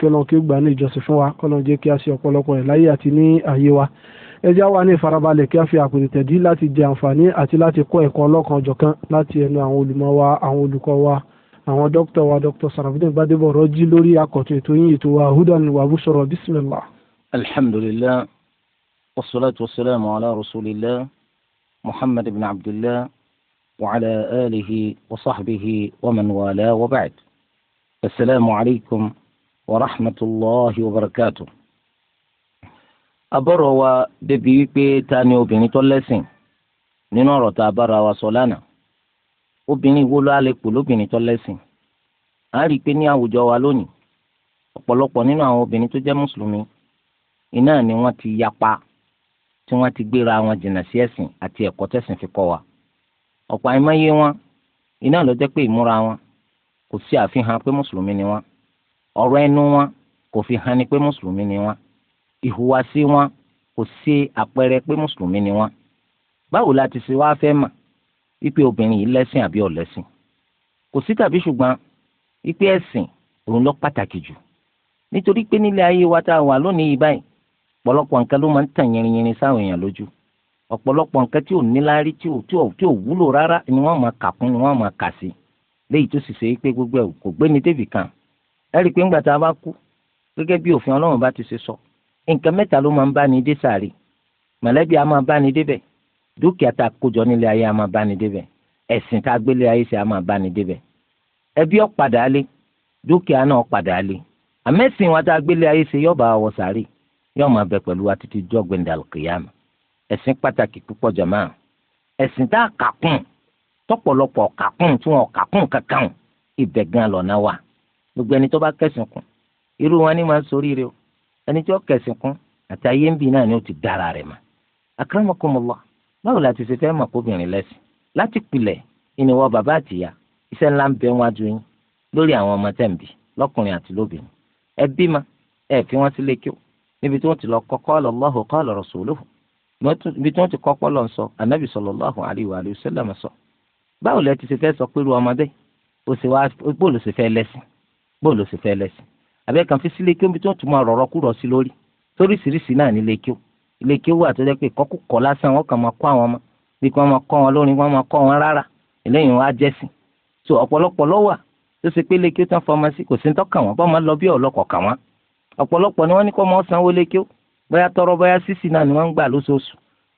kí ọlọ́run kí ó gbà ní ìjọsìn fún wa kọ́lọ́run jẹ́ kí a ṣe ọ̀pọ̀lọpọ̀ ẹ̀ láyé àti ní ààyè wa ẹ jẹ́ ní ìfarabalẹ̀ kí a fi àpèrè tẹ̀dí láti jẹ àǹfààní àti láti kọ́ ẹ̀kọ́ ọlọ́kan ọ̀jọ̀kan láti ẹnu àwọn olùmọ̀ wa àwọn olùkọ́ wa àwọn dókítà wa dókítà Sarafudeen Gbadebo rọ́jí lórí àkọ́tún ètò yín ètò wa hudan wa bushra bismillah warahmatulahi wabarakatu. abọ́rọ̀ wa débi wípé ta ni obìnrin tó lẹ́sìn nínú ọ̀rọ̀ tá a bára wa sọ lánàá obìnrin wo ló alẹ́ pò lóbìnrin tó lẹ́sìn à ń rí i pé ní àwùjọ wa lónìí ọ̀pọ̀lọpọ̀ nínú àwọn obìnrin tó jẹ́ mùsùlùmí iná ni wọ́n ti yapa tí wọ́n ti gbéra wọn jìnnà sí ẹ̀sìn àti ẹ̀kọ́ tẹ̀sìn fi kọ́ wa ọ̀pọ̀ àìmọye wọn iná ló jẹ́ pé ìmúra wọn kò sí àfihàn pé mùsùlùmí ni wọ́n ọ̀rọ̀ ẹnu wọn kò fi hàn ni pé mùsùlùmí ni wọn ìhùwàsí wọn kò sí àpẹẹrẹ pé mùsùlùmí ni wọn báwo la ti ṣe wá fẹ́ mọ̀ wípé obìnrin yìí lẹ́sìn àbí ọ̀lẹ́sìn kò sí tàbí ṣùgbọ́n wípé ẹ̀sìn òun lọ pàtàkì jù nítorí pé nílé ayé wa tá a wà lónìí yìí báyìí ọ̀pọ̀lọpọ̀ nǹkan ló máa ń tàn yẹrinyẹrin sáwọn èèyàn lójú ọ̀pọ̀lọpọ̀ nǹkan tí ò níláárí tí ò wúlò rárá ni wọ́n máa kà kún ni wọ́n máa kà sí léyìí tó sì ṣe pé gbogbo ẹ̀ kò gbéni débì kan ẹ rí i pé ńgbà tá a bá kú gẹ́gẹ́ bí òfin ọlọ́run bá ti ṣe sọ nǹkan mẹ́ta ló máa ń bá ni dé sàárè mọ̀lẹ́bí a máa bá ni débẹ̀ dúkìá tá a kójọ nílé ayé a máa bá ni débẹ̀ ẹ̀sìn tá a gbélé ayé ṣe a máa bá ni débẹ̀ ẹbí ó padà lé dúkìá náà ó padà lé àmẹ́sìn wa tá a gbélé ayé ṣe yóò bá wọ sàárè yóò máa bẹ pẹ̀lú wa títí jọ́gbìndàlù kìyàmù ẹ̀sìn gbogbo ẹni tó bá kẹsìn kún irú wọn ni máa ń sórí rẹ o ẹni tó kẹsìn kún àti ayé ń bì náà ni ó ti dára rẹ mà akramakumullah báwo la ti ṣe fẹ́ mọ̀ kóbìnrin lẹ́sìn láti pilẹ̀ ìníwọ̀ bàbá àtìyá iṣẹ́ ńlá ń bẹ wọn adúyín lórí àwọn ọmọ tẹ̀ ń bì lọ́kùnrin àti lóbìnrin ẹ bímọ ẹ fi wọn sílé kí o níbi tí wọ́n ti lọ kọ́ qala Allahu qala rasuluhu níbi tí wọ́n ti kọ́ pọ́lọ́ sọ anabi sallallahu alayhi wa sallam sọ báwo la ti ṣe fẹ́ sọ pé irú ọmọdé ó sì wá bóòlù sì fẹ́ lẹ́sìn bó ló sì fẹ́ lẹ́sìn àbẹ́ kan fi sílé kí omi tó tún máa rọ̀rọ̀ kúrọ̀ sí lórí toríṣiríṣi náà ní ilé kí ó ilé kí ó wà tó jẹ́ pé kọ́kúkọ́ lásán wọn kàn máa kọ́ àwọn ọmọ bí wọ́n máa kọ́ wọn lórí wọ́n máa kọ́ wọn rárá eléyìí wọn á jẹ́sìn so ọ̀pọ̀lọpọ̀ ló wà tó ṣe pé ilé kí ó tán fọmọ sí kò sí ń tọ́ka wọn bá máa lọ bí ọ̀lọ́kọ̀ kà wọ́n ọ̀pọ̀lọpọ̀ ni wọ́n ní kọ́ máa sanwó lé kí ó bóyá tọrọ bóyá sísì náà ni wọ́n ń gbà lóṣooṣù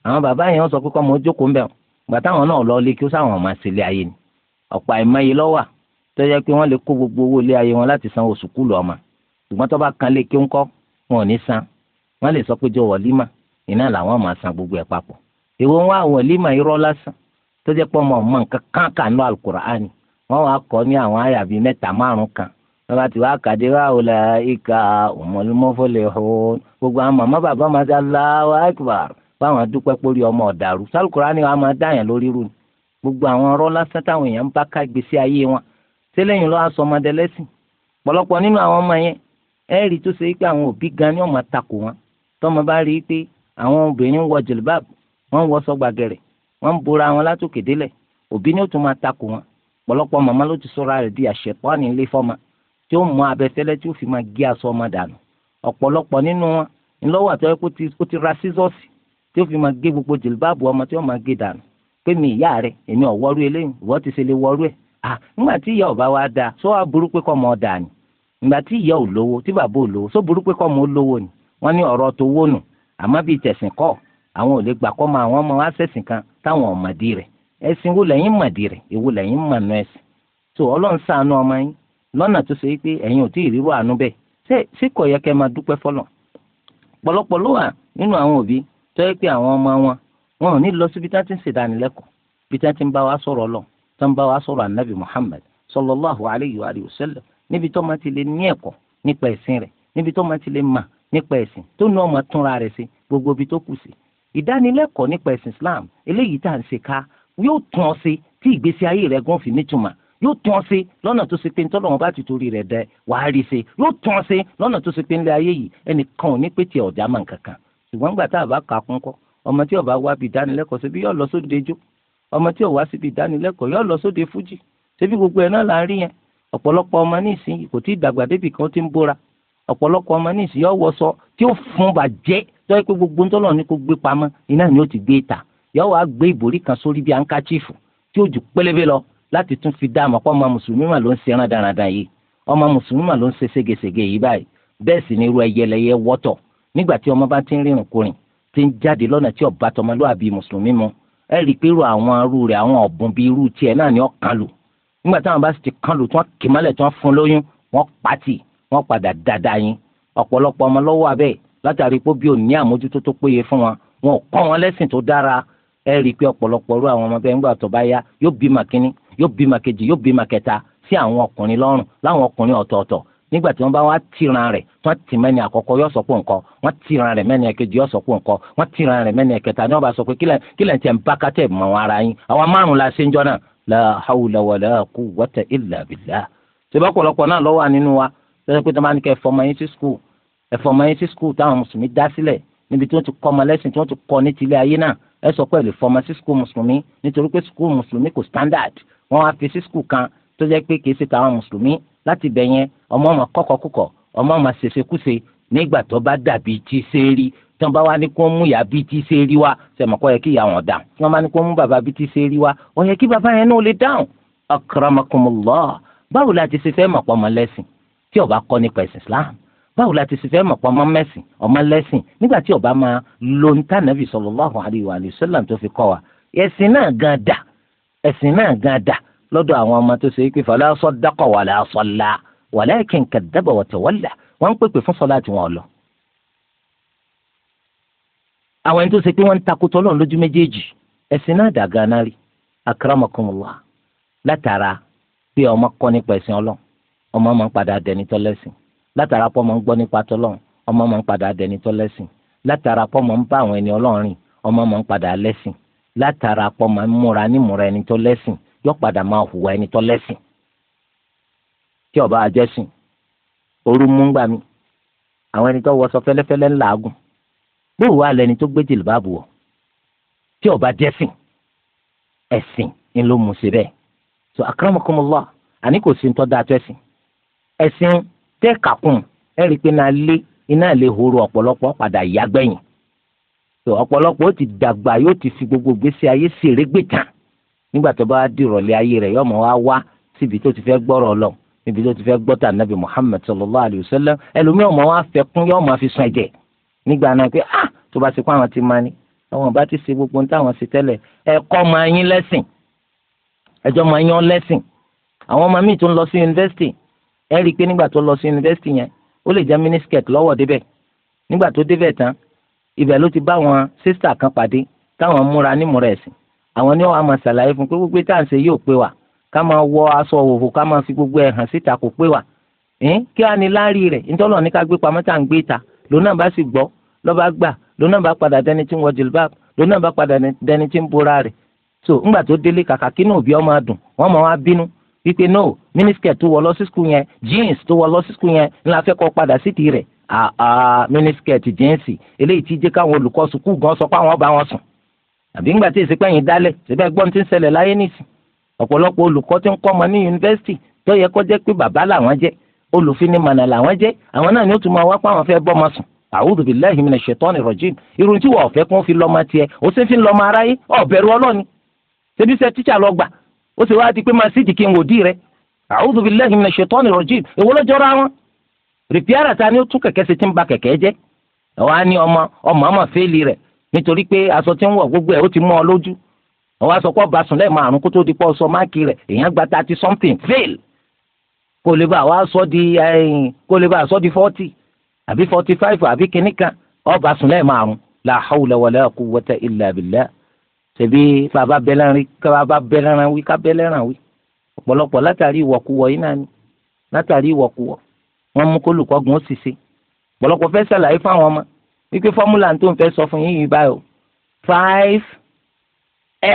àwọn bàbá yẹn sọ pé kọ́ máa jókòó ń bẹ̀ gbà táwọn náà lọ lé kí ó sáwọn ọmọ àṣẹlẹ̀ ayé ni ọ̀pọ̀ àìmọye ló tó yẹ pé wọ́n lè kó gbogbo owó ilé ayé wọn láti san oṣù kúlù ọmọ ṣùgbọ́n tó bá kan lé kí ń kọ́ wọn ò ní san wọ́n lè sọ pé jọ wọ̀límà iná làwọn máa san gbogbo ẹ̀ papọ̀ èwo ń wá wọ̀límà irọ́ lásán tó jẹ́ pé ọmọ ọmọ nǹkan kan kà ní alukur'ani wọ́n wàá kọ́ ní àwọn àyà bíi mẹ́ta márùn kan wọ́n bá ti wá kàdé wá òlà ìka òmọlúmọ́fọ́lẹ̀ ọ̀hún gbogbo àwọn sẹ́lẹ̀yìn lọ́wọ́ asọmọdé lẹ́sìn pọ̀lọpọ̀ nínú àwọn ọmọ yẹn ẹ̀rí tó ṣe pé àwọn òbí gan ni ọmọ takò wọn tọ́mọ bá rí i pé àwọn obìnrin ń wọ jìlbáàb wọ́n ń wọ sọ́gbàgẹ̀rẹ̀ wọ́n ń bora wọn látòkè délẹ̀ òbí ni ó tún máa takò wọn pọ̀lọpọ̀ màmá ló ti sọra rẹ̀ di àṣepọ́nì ilé fọ́mọ tí ó mọ abẹ́fẹ́lẹ́ tí ó fi máa gé aṣọ ọmọ dànù ọ̀pọ̀lọpọ̀ nínú wọn ńlọ́wọ́ àtọ́wẹ́ kó ti ra sísọ́ọ̀sì tí ó fi máa gé gbogbo jìlbáàbù ọmọ tí ó máa gé dànù pé mi ìyá rẹ̀ èmi ò eléyìí ìwọ ti ṣe lè wọ́rú ẹ̀ ah ngba tí ìyá ọba wa da so wá buru pé ma ọ daa ni ńgbà ti ìyá olowo ti tí olowo ò lówó sọ burú pé kọ́ ọmọ ó ni ọrọ ní ọ̀rọ̀ tó wó nù àmọ́ bíi àwọn ò lè gbà kọ́ ọmọ àwọn ọmọ wa sẹ̀sìn kan táwọn ọ̀mọ̀dì rẹ ẹ̀sìn wo lẹ́yìn mọ̀dì rẹ̀ èwo lẹ́yìn mọ̀nà ẹ̀sìn tó ọlọ́run ṣàánú ọmọ yín lọnà tó ṣe pé ò tí ì àánú ṣé ṣé yẹ máa ló wà nínú àwọn òbí ọmọ wọn wọn ò ní lọ síbi sanba wa sọ̀rọ̀ anabi muhammed sallallahu alayhi wa sallam níbi tó máa ti lè ní ẹ̀kọ́ nípa ẹ̀sìn rẹ̀ níbi tó máa ti lè mà nípa ẹ̀sìn tó nu ọmọ túnra rẹ̀ sí gbogbo ibi tó kù sí ìdánilẹ́kọ̀ọ́ nípa ẹ̀sìn islam eléyìí tá à ń ṣe ká yóò tún ọ sí tí ìgbésí ayé rẹ̀ gan fi nítumọ̀ yóò tún ọ sí lọ́nà tó ṣe pé nítorí wọn bá ti torí rẹ̀ dẹ wàá rí ṣe yóò tún ọ sí lọ́nà tó ṣe pé nílé ayé yìí ẹnìkan ò ní pé tiẹ̀ ọ̀já mọ̀ nǹkan ṣùgbọ́n gbà tá a bá kà á kún kọ́ ọmọ tí ó wá bí ìdánilẹ́kọ̀ọ́ sí bí yóò lọ sóde ọmọ tí ò wá síbi ìdánilẹ́kọ̀ọ́ yóò lọ sóde fújì ṣebí gbogbo ẹ̀ náà là ń rí yẹn ọ̀pọ̀lọpọ̀ ọmọ nísìnyí kò tí ì dàgbà débi kan tí ń bóra ọ̀pọ̀lọpọ̀ ọmọ nísìnyí yóò wọṣọ tí ó fún bàjẹ́ tó yẹ pé gbogbo ńtọ́lọ̀ ní kó gbé pamọ́ iná ni ó ti gbé ta yóò wá gbé ìbòrí kan sórí bíi ankachifu tí ó ju pélébé lọ láti tún fi dá àmọ́ pé ọmọ mùsùlùmí mà ló ń ṣe ẹran yìí ọmọ mùsùlùmí mà ló ń ṣe ségesège yìí báyìí bẹ́ẹ̀ sì ni irú ẹyẹlẹyẹ wọ́tọ̀ nígbà tí ọmọ bá ti ń rìnrìn kurìn ti ń jáde lọ́nà tí ó mùsùlùmí mu ẹ rí i pé irú àwọn arú rẹ̀ àwọn ọ̀bùn bíi irú tiẹ̀ náà ni wọ́n kàn lù nígbà táwọn bá sì ti kàn lù tí wọ́n kì mọ́lẹ̀ tí wọ́n fún lóyún wọ́n pàtì wọ́n padà dáadáa yín ọ̀pọ̀lọpọ̀ ọmọ lọ́wọ́ abẹ́ látàrí pé bí ò ní àmójútó tó péye fún wọn wọn ò kọ́ wọn lẹ́sìn tó dára ẹ rí i pé ọ̀pọ̀lọpọ̀ irú àwọn ọmọ bẹ́ẹ̀ ńgbà tó bá yá yóò bímọ kínní yóò bímọ kejì yóò bímọ kẹta sí àwọn ọkùnrin lọ́rùn láwọn ọkùnrin ọ̀tọ̀ọ̀tọ̀ nígbà tí wọ́n bá wá tìran rẹ̀ wọ́n tì mẹ́ni àkọ́kọ́ yóò sọ pé nǹkan wọ́n tìran rẹ̀ mẹ́ni ẹ̀kejì yóò sọ pé nǹkan wọ́n tìran rẹ̀ mẹ́ni ẹ̀kẹta ni wọ́n bá sọ pé kílẹ̀ tiẹ̀ ń bá kátẹ́ mọ́ ara yín àwọn márùn la ṣe ń jọ náà la hawla wala quwwata illa billah ṣèbá pọ̀lọpọ̀ náà lọ́wọ́ nínú wa lọ́sẹ̀ pé tó máa ní kẹ́ ẹ̀fọ́mọ yín sí skul ẹ̀fọ́mọ yín sí skul táwọn mùsùlùmí dá sílẹ̀ níbi tí wọ́n ti kọ́ ọmọ lẹ́sìn tí wọ́n ti kọ́ ní tilé ayé náà ẹ sọ pé ẹ̀lẹ́fọ́mọ sí skul mùsùlùmí nítorí pé skul mùsùlùmí kò standard wọ́n wá fi sí skul kan tó jẹ́ pé kìí ṣe tàwọn mùsùlùmí láti bẹ̀ yẹn ọmọ ọmọ kọ́kọ́kùkọ̀ ọmọ ọmọ ṣèṣekúṣe nígbà tó bá dàbí tí ṣe rí tí wọ́n bá wá ní kó mú ìyá bí tí ṣe rí wá sẹmọ kọ yẹ kí ìyá wọn dà tí wọ́n bá ní kó mú bàbá bí tí ṣe rí wá ó yẹ kí bàbá yẹn náà lè dáhùn. akramakumullah báwo la ti ṣe fẹ́ mọ̀ ọmọ lẹ́sìn tí ó kọ́ nípa ẹ̀sìn Islam báwo la ti ṣe fẹ́ mọ̀ pọ́ ọmọ mẹ́sìn ọmọ lẹ́sìn nígbà tí ó bá máa lo ntànàbì sallallahu alaihi wa sallam tó fi kọ́ wa ẹ̀sìn náà gan dà ẹ̀sìn náà gan dà lọ́dọ̀ àwọn ọmọ tó ṣe é pé fala saddaqa wala salla walakin kaddaba wa tawalla wọ́n ń pèpè fún sọ́lá tí wọ́n lọ. àwọn ẹni tó ṣe pé wọ́n ń takò tọ́lọ́run lójú méjèèjì ẹ̀sìn náà dà ganan rí akramakumullah látara pé ọmọ kọ́ nípa ẹ̀sìn ọlọ́run ọmọ máa ń padà dẹni tọ́lẹ́sìn látara pọ́ máa ń gbọ́ nípa tọ́lọ́run ọmọ máa ń padà dẹni tọ́lẹ́sìn lẹ́sìn látara pọ́ máa ń yọ padà máa hùwà ẹni tó lẹ́sìn tí ọba àjẹsìn ooru mú gbà mí àwọn ẹni tó wọṣọ fẹ́lẹ́fẹ́lẹ́ ńlá agùn bóòwò alẹ́ ẹni tó gbé jìlbáàbù wọ̀ tí ọba jẹ́sìn ẹ̀sìn ń ló mú sí bẹ́ẹ̀ so akramakumullah àní kò sí ntọ́ dáa tó ẹ̀sìn ẹ̀sìn tẹ́ kàkùn ẹ̀ rí i pé náà lé iná lè horo ọ̀pọ̀lọpọ̀ padà yá gbẹ̀yìn so ọ̀pọ̀lọpọ̀ ó ti dàgbà yóò ti fi gbogbo gbèsè ayé sí erégbè tán nígbà tó bá dìrọ̀lẹ́ ayé rẹ̀ yọmọ wá wá síbi tó ti fẹ́ gbọ́rọ̀ Ọlọ́run níbi tó ti fẹ́ gbọ́tà nàbì Muhammad sallallahu alayhi wa sallam ẹlòmíì ọmọ wa fẹ́ kún yọmọ àfi sun ẹ̀jẹ̀ nígbà náà pé ah tó bá ti kó àwọn ti máa ní àwọn bá ti ṣe gbogbo ohun táwọn ṣe tẹ́lẹ̀ ẹ̀kọ́ máa yín lẹ́sìn ẹjọ́ máa yán lẹ́sìn àwọn ọmọ míì tó ń lọ sí yunifásitì ẹ rí i pé nígbà tó lọ sí yunifásitì yẹn ó lè jẹ́ mínísíkẹ̀t lọ́wọ́ débẹ̀ nígbà tó débẹ̀ tán ibẹ̀ ló ti bá àwọn sísítà kan pàdé táwọn múra nímúra ẹ̀sìn àwọn ni wọn máa ṣàlàyé fún pé gbogbo tá à ń ṣe yóò pé wa ká máa wọ aṣọ òwò ká máa fi gbogbo ẹ̀ hàn síta kò pé wa kí á ní láárí rẹ̀ nítorí ọ̀nì ká gbé pamọ́ tá à ń gbé ta lòun náà bá sì gbọ́ lọ́ba gbà lòun náà bá padà dẹni tí ń wọ jìlbáb lòun náà bá padà dẹni tí ń bora rẹ̀ so ńgbà tó délé kàkà kí náà òbí ọmọ adùn wọn máa wá bínú wípé no mínísítẹ̀ tó wọ lọ sí skul yẹn jeans tó wọ lọ sí skul yẹn ńlá fẹ́ kọ́ padà sídìí rẹ̀ àà mínísítẹ̀ ti jẹ́ǹsì eléyìí ti jẹ́ káwọn olùkọ́ sukùú gan sọ pé àwọn bá wọn sùn àbí ńgbà tí ìsìnkú ẹ̀yìn dálẹ̀ síbẹ̀ gbọ́n ti ń ṣẹlẹ̀ láyé nìsín ọ̀pọ̀lọpọ̀ olùkọ́ ti ń kọ́ ọmọ ní yunifásitì tó yẹ kó jẹ́ pé bàbá làwọn jẹ́ olùfinimọ̀nà làwọn jẹ́ àwọn náà ni ó tún máa wá pé àwọn fẹ́ bọ́ ọmọ sùn a'udhu billahi minash shaitani rajim irun tí wọ́n ọ̀fẹ́ kún fi lọ́mọ tiẹ̀ ó sì fi lọ́mọ aráyé ọ̀bẹ̀rù ọlọ́ni ṣebí ni ó tún kẹ̀kẹ́ ṣe ti ń ba kẹ̀kẹ́ jẹ́ àwọn á ní ọmọ ọmọ ọmọ fẹ́ẹ́lì nítorí pé aṣọ tí ń wọ̀ gbogbo ẹ̀ ó ti mọ́ ọ lójú àwọn aṣọ kọ́ bá sùn lẹ́ẹ̀márùn kó tó di pọ́ sọ máàkì rẹ̀ èèyàn gba thirty something fail kó lè bá wa sọ di eh, kó lè bá sọ di forty àbí forty five àbí kìíní kan ọ bá sùn lẹ́ẹ̀márùn la hawla wala quwwata illa billah ṣebí bàbá bẹ́lẹ́rin bàbá bẹ́lẹ́rin wí ká bẹ́lẹ́rin wí ọ̀pọ̀lọpọ̀ látàrí ìwọ̀kuwọ̀ yìí náà ni látàrí ìwọ̀kuwọ̀ wọn mú kólùkọ́gùn ó sì ṣe ọ̀pọ̀lọpọ̀ fẹ́ ṣàlàyé fáwọn ọmọ wípé fọ́múlà tó ń fẹ́ sọ fún yín yìí báyìí o five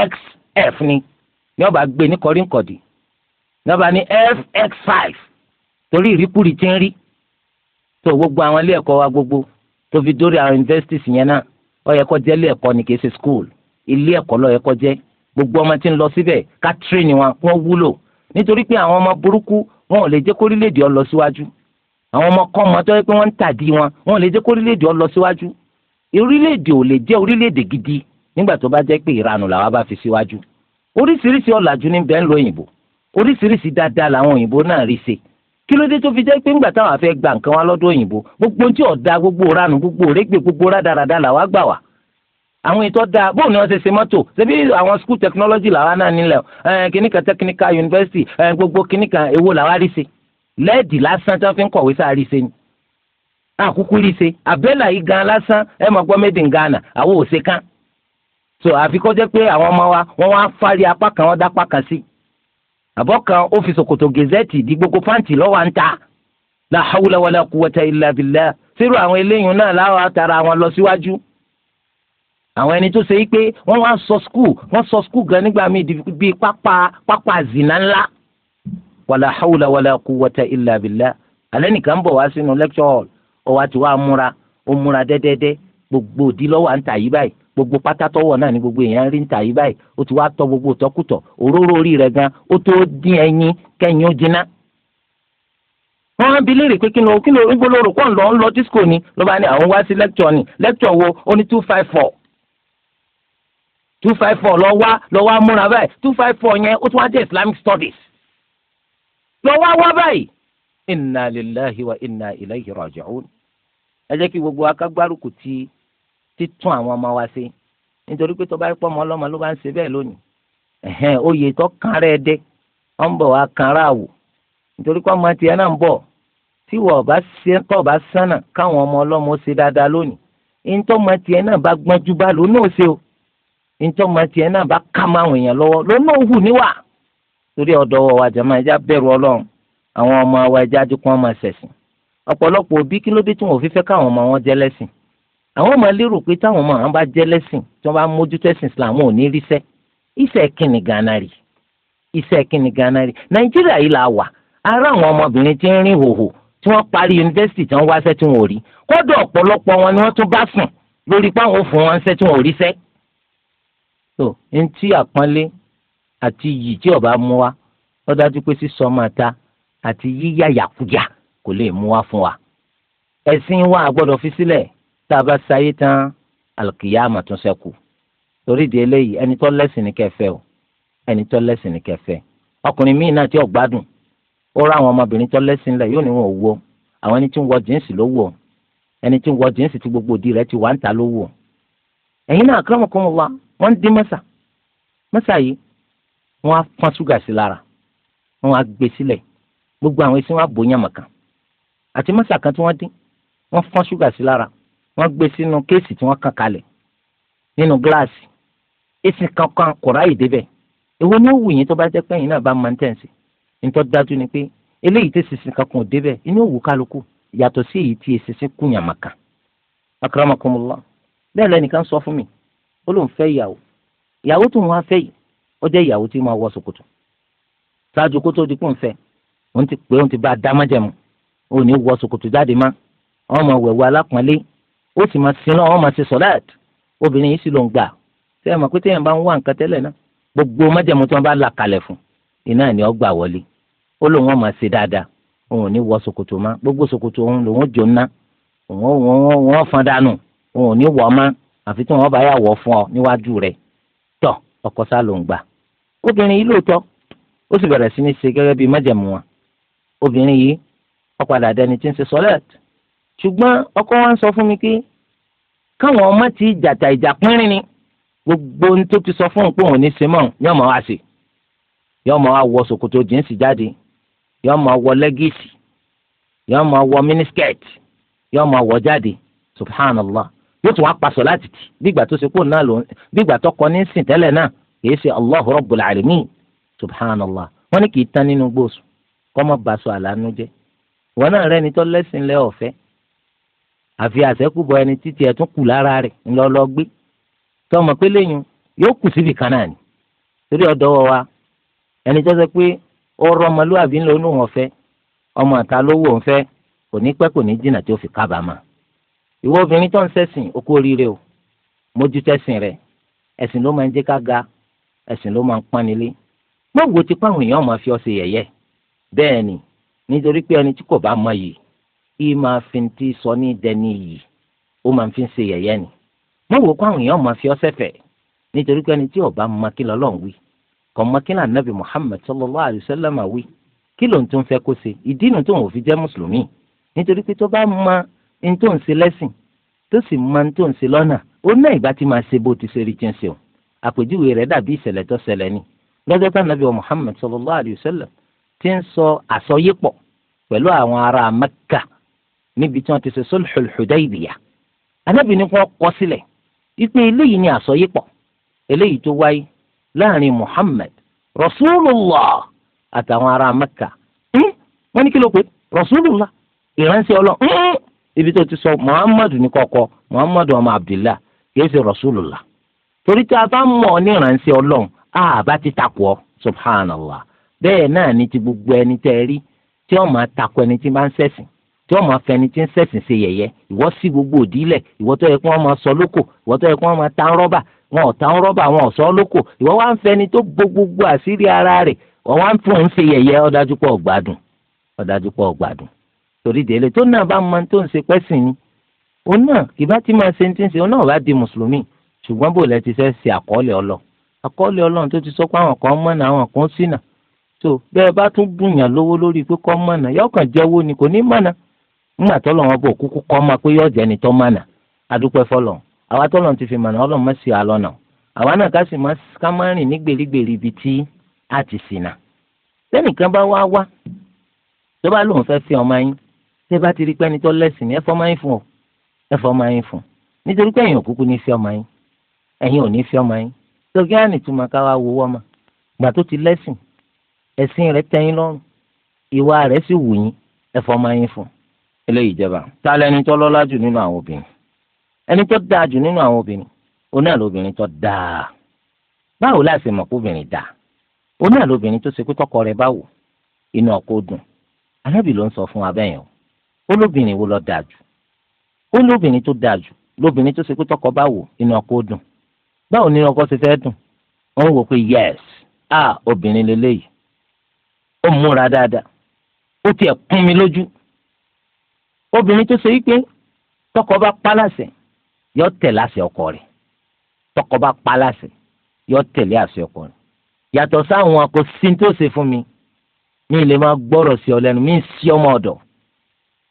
xf ni ní ọba gbé ní kọrínkọ̀dì ní ọba ní fx five torí ìríkúri ti ń rí tó gbogbo àwọn ilé ẹ̀kọ́ wa gbogbo tó fi dórí àwọn universities yẹn náà ó yẹ kó ilé ẹ̀kọ́ ni kìí ṣe school ilé ẹ̀kọ́ ló yẹ kó jẹ́ gbogbo ọmọ tí ń lọ síbẹ̀ ká tírèèni wọn wọ́n wúlò nítorí pé àwọn ọmọ burúkú wọn ò lè jẹ́ kórílẹ̀ ọ lọ síwájú àwọn ọmọkọ́mọ tó yẹ pé wọ́n ń tàdí wọn wọn lè jẹ́ kó orílẹ̀-èdè ọ lọ síwájú orílẹ̀-èdè ò lè jẹ́ orílẹ̀-èdè gidi nígbà tó bá jẹ́ pé ìranù làwa bá fi síwájú oríṣiríṣi ọ̀làjú ní bẹ́ẹ̀ ń lo òyìnbó oríṣiríṣi dáadáa làwọn òyìnbó náà rí ṣe kí ló dé tó fi jẹ́ pé ńgbà táwọn afẹ́ gba nǹkan wa lọ́dọ̀ òyìnbó gbogbo tí ọ̀dà gbogbo ranù gbogbo rẹ́gbẹ̀ gbogbo rádaràda làwa gbà wá àwọn ètò ọ̀dà bóun ni wọ́n ṣe ṣe mọ́tò ṣebí àwọn school technology làwa náà nílẹ̀ kìnnìkan technical university gbogbo kìnnìkan èwo làwa rí ṣe lẹ́ẹ̀dì lásán tí wọ́n fi ń kọ̀wé sáà rí ṣe ni àkúkú ah, rí ṣe àbẹ́là yìí gan lásán ẹ máa gbọ́ made in Ghana àwọn ò ṣe kán so àfi kọ́ jẹ́ pé àwọn ọmọ wa wọ́n wá fárí apá kan wọ́n dá apá kan sí àbọ̀ ó fi ṣòkòtò gẹ̀zẹ́tì di gbogbo pàǹtì lọ́wọ́ ń ta la hawla wala quwwata illa billah sírò àwọn eléyìí náà láwọn atara àwọn lọ síwájú àwọn ẹni tó ṣe yí pé wọ́n wá sọ skul wọ́n sọ skul gan nígbà míì bíi pápá pápá zìnnà ńlá wàlà hawla wàlà quwwata illa billah alẹ́ nìkan bọ̀ wá sínú lecture hall ọwọ́ àti wàá múra ó múra dẹ́dẹ́dẹ́ gbogbo òdi lọ́wọ́ à ń tà yí báyìí gbogbo pátátọ́wọ̀ náà ni gbogbo èèyàn rí ń tà yí báyìí ó ti wá tọ́ gbogbo tọ́kùtọ̀ òróró orí rẹ̀ gan ó tó dín ẹyin kẹ́yìn ó jiná. wọ́n á bi léèrè pé kí ló kí ló ń gbólóró pọ̀ ń ń lọ disco ni ló bá ní àwọn wá sí lecture ni lecture wo ó ní two five four two five four lọ wá lọ wá múra báyìí two five four yẹn ó tún wá jẹ́ Islamic studies lọ wá wá báyìí inna lillahi wa inna ilayhi raji'un ẹ jẹ́ kí gbogbo akágbárùkù ti títún àwọn ọmọ wa ṣe nítorí pé tó bá pọ́ ọmọ ọlọ́mọ ló bá ń ṣe bẹ́ẹ̀ lónìí ẹ̀hẹ́n oyè tó kan rẹ̀ dé ọ ń bọ̀ wá kan rà wò nítorí pé ọmọ tiẹ̀ náà ń bọ̀ tí wọ́n bá ṣe tọ́ bá sánà káwọn ọmọ ọlọ́mọ ṣe dáadáa lónìí ìtọ́mọ tiẹ̀ náà bá gbọ́njú bá lónà ó ṣe o ìtọ́mọ tiẹ̀ náà bá ká máa wọ̀nyàn lọ́wọ́ lónà ó hù torí ọ̀dọ́ wa wàjà máa ẹja bẹ̀rù ọlọ́run àwọn ọmọ wa ẹja tí kò máa ṣẹ̀sìn ọ̀pọ̀lọpọ̀ òbí kí ló dé tí wọn ò fi fẹ́ káwọn ọmọ wọn jẹ́ lẹ́sìn àwọn ọmọ lérò pé táwọn ọmọ àwọn bá jẹ́ lẹ́sìn tí wọ́n bá mójútó ẹ̀sìn Islam wọn ò ní ríṣẹ́ iṣẹ́ kìnnì gánà rí iṣẹ́ kìnnì gánà rí Nàìjíríà yìí la wà ara àwọn ọmọbìnrin tí ń rìn hòhò tí wọ́n parí yunifásitì tí wọ́n wá ṣẹ́ tí wọn ò rí kọ́dọ̀ ọ̀pọ̀lọpọ̀ wọn ni wọ́n tún bá sùn lórí páwọn ò fún wọn ṣẹ́ tí wọn ò ríṣẹ́. tó ń tí àpọ́nlé àti iyì tí ọba mú wa ó dájú pé sísọ máa ta àti yíyá yàkúyà kò lè mú wa fún wa ẹ̀sìn wa àgbọ́dọ̀ fi sílẹ̀ tá a bá sáyé tán àlùkìyà àmàtúnṣe kù torí di eléyìí ẹni tó lẹ́sìn ní kẹfẹ́ o ẹni tó lẹ́sìn ní kẹfẹ́ ọkùnrin míì náà tí ò gbádùn ó rá àwọn ọmọbìnrin tó lẹ́sìn lẹ̀ yóò ní wọn ò wo àwọn ẹni tí ń wọ jíǹsì ló wò ẹni tí ń wọ jíǹsì tí gbogbo òdi rẹ̀ ti wà ń ta ló wò ẹ̀yin náà kọ́mọkọ́mọ wa wọ́n ń dín mọ́sà mọ́sà yìí wọ́n á pọ́n ṣúgà sí lára wọ́n á gbé sílẹ̀ gbogbo àwọn ẹṣin wọn á bò yànmọ̀ kan àti mọ́sà kan tí wọ́n dín wọ́n pọ́n ṣúgà sí lára wọ́n gbé sínú kéèsì tí wọ́n kàn kalẹ̀ nínú gíláàsì ẹṣin kankan kò ráàyè débẹ̀ èwo ni ó wù yín tó bá jẹ́ pé ẹ̀yin náà bá máa ń tẹ̀sí nítọ́ dájú ni pé eléyìí tí ẹṣin kankan ò débẹ̀ inú òwú kálukú yàtọ̀ sí èyí tí ẹṣin kù yànmọ̀ kan akramakumullah bẹ́ẹ̀ lẹ́nìkan sọ fún mi ó lóun fẹ́ ìyàwó ìyàwó tó ń wá fẹ́ yìí ó jẹ́ ìyàwó tí máa wọ ṣòkòtò ṣáájú kó tó di pò ń fẹ́ òun ti pé òun ti bá a dá májẹ̀mú òun ní wọ ṣòkòtò jáde má wọn máa wẹ̀wẹ̀ alápọ̀nlé ó sì máa sin náà wọn máa ṣe sọ̀láàtì obìnrin yìí sì ló ń gbà ṣé ẹ mọ̀ pé téèyàn bá ń wá nǹkan tẹ́lẹ̀ náà gbogbo májẹ̀mú tí wọ́n bá là kalẹ̀ fún iná ni ó gbà wọlé ó lóun máa ṣe dáadáa òun ní wọ ṣòkòtò má gbogbo ṣòkòtò òun lòun jò ná òun wọn fan dànù òun ní wọ má àfi tí wọn bá yà wọ fún ọ níwájú rẹ̀ ọkọ sá ló ń gbà obìnrin yìí lóòótọ́ ó sì bẹ̀rẹ̀ sí ní ṣe gẹ́gẹ́ bíi májẹ̀mú obìnrin yìí ó padà dẹni tí ń ṣe sọ́lẹ̀t ṣùgbọ́n ọkọ wa ń sọ fún mi pé káwọn ọmọ ti jàtà ìjà pínrín ni gbogbo ohun tó ti sọ fún òun pé ní simon yóò mọ wá sí yóò mọ wá wọ ṣòkòtò jíǹsì jáde yóò mọ wọ lẹ́gìsì yóò mọ wọ mínísíkẹ́ẹ̀tì yóò mọ wọ jáde subhanallah otu tún wá paṣọ láti tì bígbà tó ṣe kó náà lò bígbà tó kọ ní sìn tẹ́lẹ̀ náà kì í ṣe allahu rabbul alamin subhanallah wọ́n ní kì í tán nínú gbòòsù kọ́ mọ́ baṣọ jẹ́ náà rẹ́ni tó lẹ́sìn ẹni títí ẹ̀ tún kù lára rẹ̀ pé yóò kù torí ọ̀dọ́ wa ẹni tó pé ó rọ ọmọlúwàbí ńlọ ọ̀fẹ́ ọmọ ìwọ obìnrin tó ń ṣẹ̀sìn okú oríire o mójútó ẹ̀sìn rẹ̀ ẹ̀sìn ló máa ń jẹ́ ká ga ẹ̀sìn ló máa ń pọ́n nílé mọ́wòó ti pàwọn èèyàn máa fi ọ̀sẹ̀ yẹ̀yẹ́ bẹ́ẹ̀ ni nítorí pé ẹni tí kò bá mọ yìí kí máa fi ti sọ ní dẹni yìí ó máa fi ń ṣe yẹ̀yẹ́ ni mọ́wòó pàwọn èèyàn máa fi ọ̀sẹ̀ fẹ̀ nítorí pé ẹni tí ò mọ kí lọ́lọ́ wí kò mọ kí lànà nàbì Muhammad sallallahu alayhi wa sallam wí kí ló ń tún fẹ́ kó ṣe ìdí nu ní tó ń ṣe lẹ́sìn tó sì máa ń tó ń ṣe lọ́nà ó náà ìbá ti máa ṣe bó ti ṣe rí jẹ́ ṣe o àpèjúwe rẹ̀ dàbí ìṣẹ̀lẹ̀ tó ṣẹlẹ̀ ni lọ́jọ́ tá nàbí wa Muhammad sallallahu alayhi wa sallam ti ń sọ àsọyépọ̀ pẹ̀lú àwọn ará Mẹ́kà níbi tí wọ́n ti ṣe sulhul Hudaybiyah anábì ní kó kọ sílẹ̀ ipe eléyìí ni àsọyépọ̀ eléyìí tó wáyé láàrin Muhammad Rasulullah àtàwọn ará Mẹ́kà hm? wọ́n ní kí ló pé Rasulullah ìránṣẹ́ Ọlọ́run hm? ibi tó ti sọ muhammadu ní kọ́kọ́ muhammadu ọmọ abdullah kìí ṣe rasulullah torí tí a bá mọ̀ ọ́ ní ìránṣẹ́ ọlọ́run a bá ti takò ọ́ subhanallah bẹ́ẹ̀ náà ni ti gbogbo ẹni tẹ́ ẹ rí tí ó máa takò ẹni tí bá ń ṣẹ̀sìn tí ó máa fẹni tí ń ṣẹ̀sìn ṣe yẹ̀yẹ́ ìwọ sí gbogbo òdìlẹ̀ ìwọ tó yẹ kí wọ́n máa sọ lóko ìwọ tó yẹ kí wọ́n máa ta rọ́bà wọn ò ta rọ́bà wọn ò sọ lóko ìwọ wá ń fẹni tó bo gbogbo àṣírí ara rẹ̀ wọ́n wá ń fún un ṣe yẹ̀yẹ́ ó dájú pọ̀ gbádùn ó dájú torí délé tó náà bá máa tó ń ṣe pẹ́sìn ni òun náà kì bá ti máa ṣe ti ń ṣe òun náà bá di mùsùlùmí ṣùgbọ́n bò lẹ́ ti fẹ́ ṣe àkọọ́lẹ̀ ọlọ àkọọ́lẹ̀ ọlọ́run tó ti sọ pé àwọn kan mọ̀nà àwọn kan ṣìnà tó bẹ́ẹ̀ bá tún bùnyàn lówó lórí pé kọ́ mọ̀nà yóò kàn jẹ́wọ́ ni kò ní mọ̀nà ńgbà tọ́lọ̀ wọn bò kúkú kọ́ máa pé yóò jẹ́ni tọ́ mọ̀nà adúpẹ́ fọlọ́ àwa tọ́lọ̀ ti fi mọ̀nà ọlọ́run mọ̀sí àlọ́nà àwa náà ká sì ká má rìn ní gbèrígbèrí ibi tí a lóun fẹ́ fi ọmọ yín ṣé bá ti rí pé ẹni tó lẹ́sìn ni ẹ fọ́ máa ń fún ọ ẹ fọ́ máa ń fún nítorí pé ẹ̀yin òkúkú ní fẹ́ ọmọ yín ẹ̀yin ò ní fẹ́ ọmọ yín tókí á nìtumọ̀ ká wá wo wọ́mọ gbà tó ti lẹ́sìn ẹ̀sìn rẹ̀ tẹ́yìn lọ́rùn ìwà rẹ̀ sì wù yín ẹ fọ́ máa ń fún eléyìí jẹba ta lẹni tó lọ́lá jù nínú àwọn obìnrin ẹni tó dáa jù nínú àwọn obìnrin òun náà tó dáa báwo la ṣe mọ̀ pé obìnrin dáa òun náà tó ṣe pé tọkọ rẹ̀ báwo inú ọkọ dùn anábì ló ń sọ fún abẹ́yẹn o ó lóbìnrin wo ló dáa jù ó lóbìnrin tó dáa jù lóbìnrin tó ṣe pé tọkọ bá wò inú ọkọ ó dùn báwo ni ọkọ ṣe fẹ́ dùn wọ́n wò pé yes ah obìnrin lélẹ́yìí ó múra dáadáa ó tiẹ̀ kún mi lójú obìnrin tó ṣe wípé tọkọ bá pálàṣẹ yóò tẹ̀lé àṣẹ ọkọ rẹ̀ tọkọ bá pálàṣẹ yóò tẹ̀lé àṣẹ ọkọ rẹ̀ yàtọ̀ sáwọn kò sí tó ṣe fún mi mi lè máa gbọ́rọ̀ sí ọ lẹ́nu mi ń sí ọmọ ọ̀dọ̀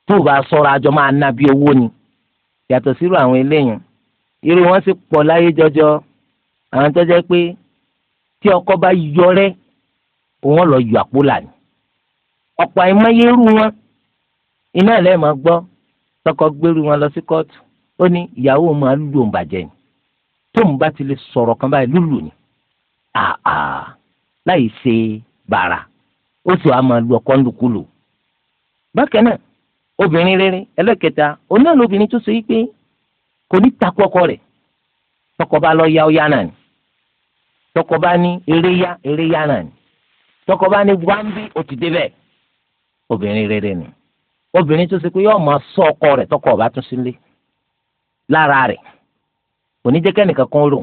tó o bá sọ̀rọ̀ àjọ máa ná bí owó ni yàtọ̀ sírò àwọn eléyìí irú wọn sì pọ̀ láyé jọjọ àwọn tó jẹ́ pé tí ọkọ bá yọrẹ́ òun lọ yọ àpò lànà ọ̀pọ̀ àìmọye wọn iná ẹ̀ gbọ́ tọkọ gbèrú wọn lọ sí kóòtù ó ní ìyàwó máa lù òun bàjẹ́ ni tóun bá ti lè sọ̀rọ̀ kan báyìí lùlù ni láì ṣe bàrà ó sì wá máa lu ọkọ ńlùkulù bákan náà obìnrin rere ẹlẹ́kẹta òun náà lóbìnrin tó so yí pé kò ní takú ọkọ rẹ̀ tọkọ bá lọ ya ọ ya náà ni tọkọ bá ní eré ya eré ya náà ni tọkọ bá ní wáńbí ó ti débẹ̀ obìnrin rere ni obìnrin tó so pé yóò máa ṣọ́ ọkọ rẹ̀ tọkọ ọba tún sílé lára rẹ̀ kò jẹ́ kẹ́nìkan kan rò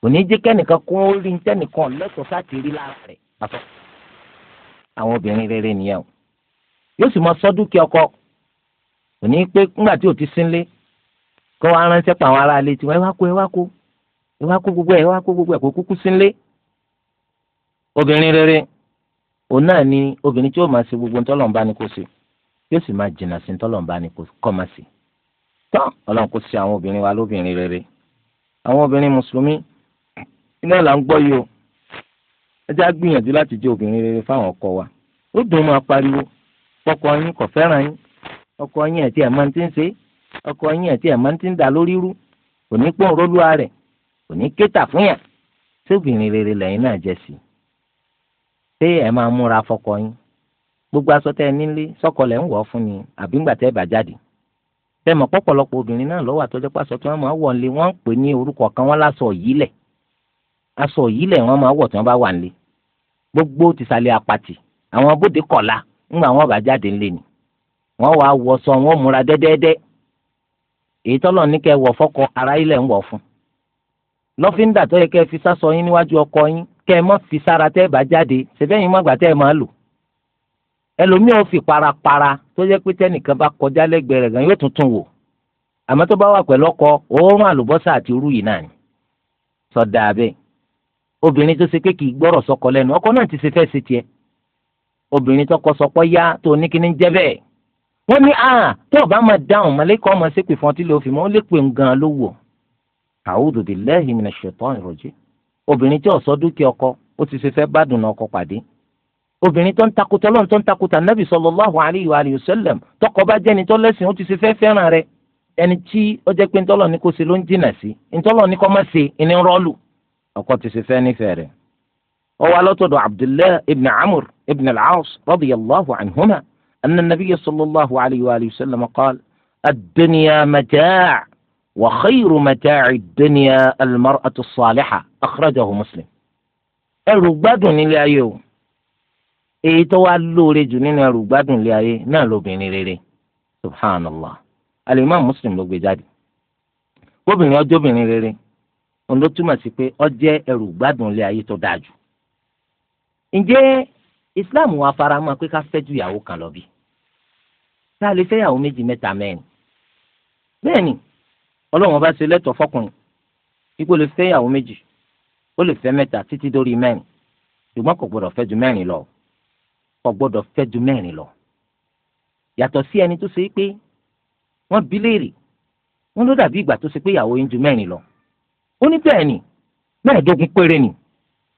kò jẹ́ kẹ́nìkan kan rí tẹ́nìkan lẹ́tọ̀ọ́ ti rí lára rẹ̀ àwọn obìnrin rere nìyẹn o yóò sì máa sọ dúkìá ọkọ kò ní pé ńgbà tí ò ti sínlé kó wá ránṣẹ́ pa àwọn aráalé tiwọn ẹ wá kó ẹ wá kó ẹ wá kó gbogbo ẹ wá kó gbogbo ẹ kó kúkú sínlé obìnrin rere òun náà ni obìnrin tí ó máa ṣe gbogbo ntọ́lọ́mbá ni kò sí yóò sì máa jìnnà sí ntọ́lọ́mbá ni kò máa sí tán ọlọ́run kò sí àwọn obìnrin wa lóbìnrin rere àwọn obìnrin mùsùlùmí iná là ń gbọ́ yìí o ẹ jẹ́ á gbìyànjú láti jẹ́ obìnrin rere fáwọn ọkọ wa ó dùn máa pariwo ọkọ yín kò fẹ́ràn yín ọkọ yín ẹ̀tí ẹ̀ máa ń ti ń ṣe ọkọ yín ẹ̀tí ẹ̀ máa ń ti ń dà lórí rú kò ní pọ́n rólúwa rẹ̀ kò ní kéta fún yàn tóbìnrin rere lẹ́yìn náà jẹ́ sí i ṣé ẹ máa múra fọkọ yín gbogbo aṣọ tẹ ẹ nílé sọkọ lẹ ń wọ̀ fún ni àbí ńgbà tẹ ẹ bà jáde tẹ mọ̀ pọ̀pọ̀lọpọ̀ obìnrin náà lọ́wọ́ àtọ́jọ́ pàṣọ tí wọ́n máa wọ̀ nílé wọ́n ń pè ní orúkọ kan wọ́n láṣọ yìí lẹ̀ aṣọ yìí lẹ̀ wọ́n máa wọ̀ tí wọ́n bá wà nílé gbogbo tìsàlẹ̀ àpàtì àwọn bóde kọ̀la ńgbà wọn bá jáde ńlẹ̀ ni wọn wàá wọsọ wọ́n múra dẹ́dẹ́dẹ́ èyí tọ́lọ̀ ní kẹ́ wọ̀ fọkọ ara ilẹ̀ ń wọ̀ fún lọ́fíńdà tó yẹ kẹ́ fi sásọ yín níwájú ọkọ yín kẹ́ ẹ fi sára tẹ́ bá jáde ṣẹbẹ́yìn mọ́gbà lò ẹlòmíì ò fi parapara tó yẹ pé tẹ́nìkan bá kọjá lẹ́gbẹ̀ẹ́ gan yóò tuntun wò tó obìnrin tọkọ sọpọ yá tó ní kíní jẹ́ bẹ́ẹ̀ wọ́n ní a ah, tó o bá máa dáhùn mọlẹkọ ọmọ ṣépè fún ọtí ló fi mọ ó lè pè ń gan ló wò a'udhu billahi minash shaitani rajim obìnrin tí ó sọ dúkìá ọkọ ó ti ṣe fẹ́ bá dùn ọkọ pàdé obìnrin tó ń takùtà lọ́n tó ń takùtà nabi sallallahu alayhi wa alihi wa sallam tọkọ bá jẹ́ni tó lẹ́sìn ó ti ṣe fẹ́ fẹ́ràn rẹ̀ ẹni tí ó jẹ́ pé ntọ́lọ̀ ní kò ṣe ló ń jìnà sí ntọ́lọ̀ ní kò má ṣe ìní rọ́ọ̀lù ọkọ ti ṣe fẹ́ nífẹ̀ẹ́ rẹ̀ ó wá lọ́tọ̀dọ̀ Abdullah ibn Amr ابن العاص رضي الله عنهما أن النبي صلى الله عليه وآله وسلم قال الدنيا متاع وخير متاع الدنيا المرأة الصالحة أخرجه مسلم الرباطن إلى يوم إيتوالو رجلين نالو إلى يوم سبحان الله الإمام مسلم لو بجادي وبني أجو بني ريري أنه تمسي في أجي الرباطن إلى تداجو إن جي islam wa fara mọ́ pé ká fẹ́ ju ìyàwó kan lọ bí tá a lè fẹ́ ìyàwó méjì mẹ́ta mẹ́rin bẹ́ẹ̀ni ọlọ́run bá ṣe lẹ́tọ̀ọ́ fọkùnrin ipò lè fẹ́ ìyàwó méjì ó lè fẹ́ mẹ́ta títí dórí mẹ́rin ṣùgbọ́n kò gbọ́dọ̀ fẹ́ ju mẹ́rin lọ kò gbọ́dọ̀ fẹ́ ju mẹ́rin lọ yàtọ̀ sí ẹni tó ṣe pé wọ́n bi léèrè wọ́n ló dàbí ìgbà tó ṣe pé ìyàwó yín ju mẹ́rin lọ ó ní bẹ́ẹ̀ ni mẹ́ẹ̀ẹ́dógún péré ni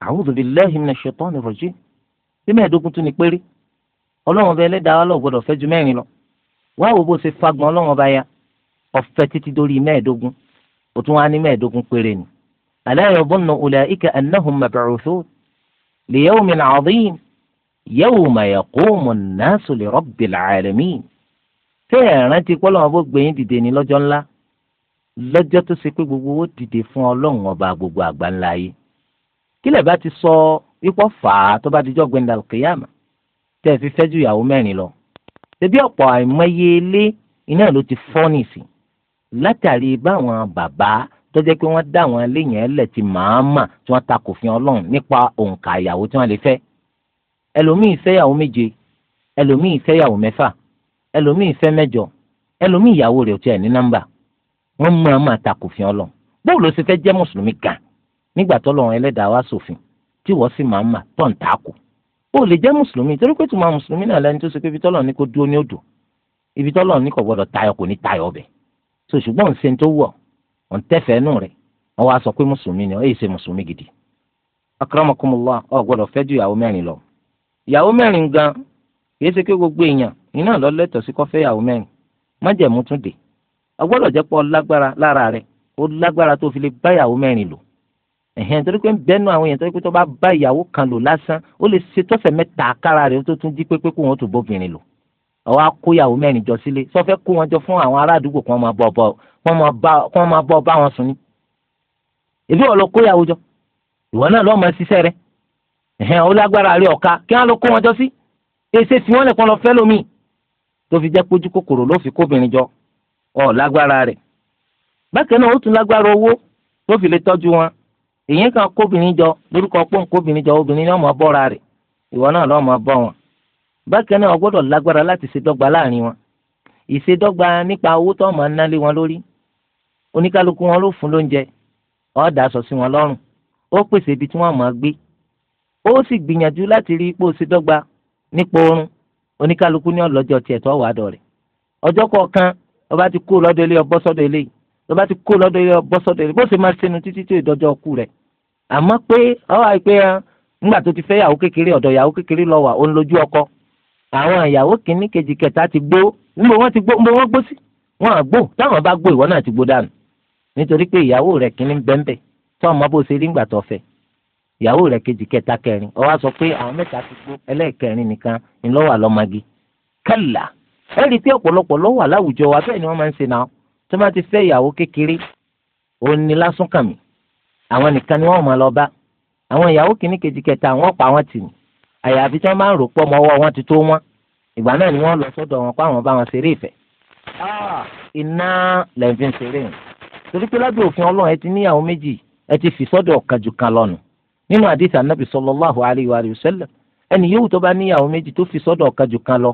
a'udhu billahi minash shaitani rajim sí mẹ́ẹ̀ẹ́dógún tún ní péré ọlọ́run bẹ ẹlẹ́dàá wa lọ gbọ́dọ̀ fẹ́ ju mẹ́rin lọ wá wo bó ṣe fagbọn ọlọ́run bá ya ọ̀fẹ́ títí dórí mẹ́ẹ̀ẹ́dógún ó tún wá ní mẹ́ẹ̀ẹ́dógún péré ni. ala yadhunnu ulaika annahum mab'uthun li yawmin 'azim yawma yaqumu an-nasu li rabbil 'alamin. ṣé ẹ̀rán ti pọ́ ipò fà á tó bá dijọ́ gbẹ̀ndà kìyàmà tẹ́ ẹ fi fẹ́ ju ìyàwó mẹ́rin lọ. ṣebí ọ̀pọ̀ àìmọye ilé iná ló ti fọ́ nìsí látàrí báwọn bàbá tó jẹ́ pé wọ́n dá àwọn ilé yẹn lẹ̀ ti màámà tí wọ́n ta kò fi ọlọ́run nípa òǹkà ìyàwó tí wọ́n lè fẹ́. ẹlòmíì fẹ́yàwó méje ẹlòmíì fẹ́yàwó mẹ́fà ẹlòmíì fẹ́ mẹ́jọ ẹlòmíì ìyàwó rẹ̀ ò tiẹ̀ ní nọ́mbà wọ́n mú àmà ta kò ọlọ́run bóòlù ó sì fẹ́ jẹ́ mùsùlùmí gan nígbà tó ẹlẹ́dàá wá sófin. So tí wọ́n sì máa ń mà tọ̀ ń takò ó lè jẹ́ mùsùlùmí torí pé tùmọ̀ mùsùlùmí náà lẹ́ni tó ṣe pé ibi tọ́lọ̀ ní kó dúró ní odò ibi tọ́lọ̀ ní kò gbọ́dọ̀ tayọ kò ní tayọ bẹ̀ so ṣùgbọ́n ń ṣe tó wọ̀ ọ̀ ń tẹ́fẹ̀ẹ́ nù rẹ̀ wọ́n wá sọ pé mùsùlùmí ni ó yìí ṣe mùsùlùmí gidi akramakumullah ọ gbọ́dọ̀ fẹ́ ju ìyàwó mẹ́rin lọ ìyàwó mẹ́rin gan kì í ṣe pé gbogbo èèyàn iná lọ lẹ́tọ̀ sí kó fẹ́ ìyàwó mẹ́rin májẹ̀mú tún dé ẹ̀hẹ́n torí pé ń bẹ́nu àwọn èèyàn torí pé tó bá bá ìyàwó kan lò lásán ó lè ṣe tọ́sẹ̀ mẹ́ta kára rẹ̀ tó tún jí pépé kó wọn tó bóbìnrin lò ọwọ́ akóyàwó mẹ́rin jọ sílé sọfẹ́ kó wọn jọ fún àwọn ará àdúgbò kí wọ́n máa bọ́ bá wọn sùn ní. èbí wọn lọ kóyàwó jọ ìwọ náà lọ́ọ́ máa ṣiṣẹ́ rẹ ẹ̀hẹ́n ó lágbára rí ọ̀ka kí wọ́n lọ kó wọn jọ sí èsè tí wọ́n nìkan lọ fẹ́ lómi tó fi jẹ́ pójú kòkòrò ló fi kóbìnrin jọ ọ̀ lágbára rẹ̀ bákan náà ó tún lágbára owó tó fi lè tọ́jú wọn èyí kan kóbìnrin jọ lórúkọ pọ́n kóbìnrin jọ obìnrin náà máa bọ́ra rẹ̀ ìwọ náà lọ́ọ́ máa bọ́ wọn bákan náà gbọ́dọ̀ lágbára láti ṣèdọ́gba láàrin wọn ìṣèdọ́gba nípa owó tó máa ń nálé wọn lórí oníkálukú wọn ló fún lóúnjẹ ó dá aṣọ sí wọn lọ́rùn ó pèsè ibi tí wọ́n máa gbé ó sì gbìyànjú láti rí ipò ṣèdọ́gba nípa oorun oníkálukú ní ọlọ́jọ́ tiẹ̀ tó wàá dọ̀ rẹ̀ ọjọ́ kọ̀ọ̀kan ọba ti kú lọ́dọ̀ ilé ọbọ̀ tó bá ti kó lọ́dọ̀ yọ bọ́ sọ́dọ̀ rẹ̀ bó ṣe máa ṣẹnu títí tó ìdọ́jọ́ ọkù rẹ̀ àmọ́ pé ọwọ́ àìpé ya ńgbà tó ti fẹ́ yàwó kékeré ọ̀dọ̀ yàwó kékeré lọ wà ó ń lójú ọkọ àwọn ìyàwó kìíní kejì kẹta ti gbó níbo wọ́n ti gbó níbo wọ́n gbó sí wọn àgbò táwọn bá gbó ìwọ náà ti gbó dànù nítorí pé ìyàwó rẹ̀ kìíní bẹ́ńbẹ́ tó ọmọ bó ṣe rí ńgbà tó fẹ́ ìyàwó rẹ̀ kejì kẹta kẹrin ó wá sọ pé àwọn mẹ́ta ti gbó ẹlẹ́ẹ̀kẹrin nìkan ńlọ́wà lọ́mọge kálá ẹ̀rí pé ọ̀pọ̀lọpọ̀ lọ́wà láwùjọ wa bẹ́ẹ̀ ni wọ́n máa ń ṣe náà tó bá ti fẹ́ ìyàwó kékeré òun ni lásán kàn mí àwọn nìkan ni wọ́n máa lọ bá àwọn ìyàwó kìíní kejì kẹta àwọn pa wọn tì ní àyàfi tí wọ́n máa ń rò pọ̀ mọ́wọ́ wọn ti tó wọn ìgbà náà ni wọ́n lọ sọ́dọ̀ wọn pa àwọn bá wọn ṣeré ìfẹ́ ah. iná lẹ́ǹfin ṣeré yìí torí pé lábẹ́ òfin ọlọ́run ẹ ti níyàwó méjì ẹ ti fi sọ́dọ̀ kàjù kan lọ́nu nínú àdìsí anábì sallallahu alayhi wa sallam ẹni yóò tó bá níyàwó méjì tó fi sọ́dọ̀ kàjù kan lọ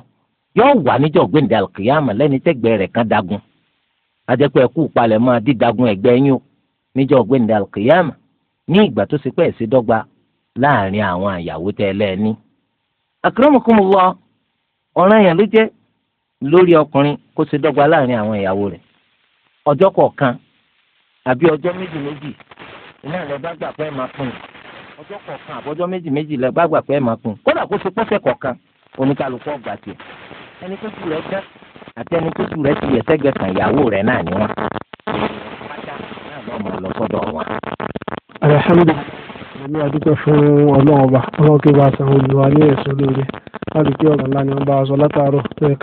yóò wà níjọ́ gbẹ̀ǹdẹ̀ àlùkìyàmà lẹ́ni tẹ́gbẹ́ rẹ̀ kan dagun ajẹ́pẹ́ ẹ̀kú palẹ̀ máa dídagun ẹ̀gbẹ́ yín o níjọ́ ọ̀gbẹ́ni alkiyama ní ìgbà tó ṣe pé ẹ̀ sí dọ́gba láàrin àwọn àyàwó tẹ́ ẹ lẹ́ẹ̀ni. akramakumullah ọ̀ràn èèyàn ló jẹ́ lórí ọkùnrin kó ṣe dọ́gba láàrin àwọn ìyàwó rẹ̀ ọjọ́ kọ̀ọ̀kan àbí ọjọ́ méjì méjì iná rẹ̀ bá gbà pé ẹ̀ máa fún un ọjọ́ kọ̀ọ̀kan àbọ̀jọ́ méjì méjì rẹ̀ bá gbà pé ẹ̀ máa fún kódà kó ṣe pọ́sẹ̀ kọ̀ọ̀kan oníkálukú ọ̀gbà tiẹ̀ ẹni tó ju rẹ̀ dán àti ẹni tó ju rẹ̀ ti yẹ sẹ́gbẹ̀ẹ́ kan ìyàwó rẹ̀ náà ni wọ́n. pátá náà lọ́ mọ̀ lọ sọ́dọ̀ wọn. alhamdulilayi àmì àdúgbò fún ọlọ́run ọba ọlọ́run kí bá san olùwà ní ẹ̀sùn lóore láti kí ọ̀gá ńlá ni wọ́n bá a sọ látàárọ̀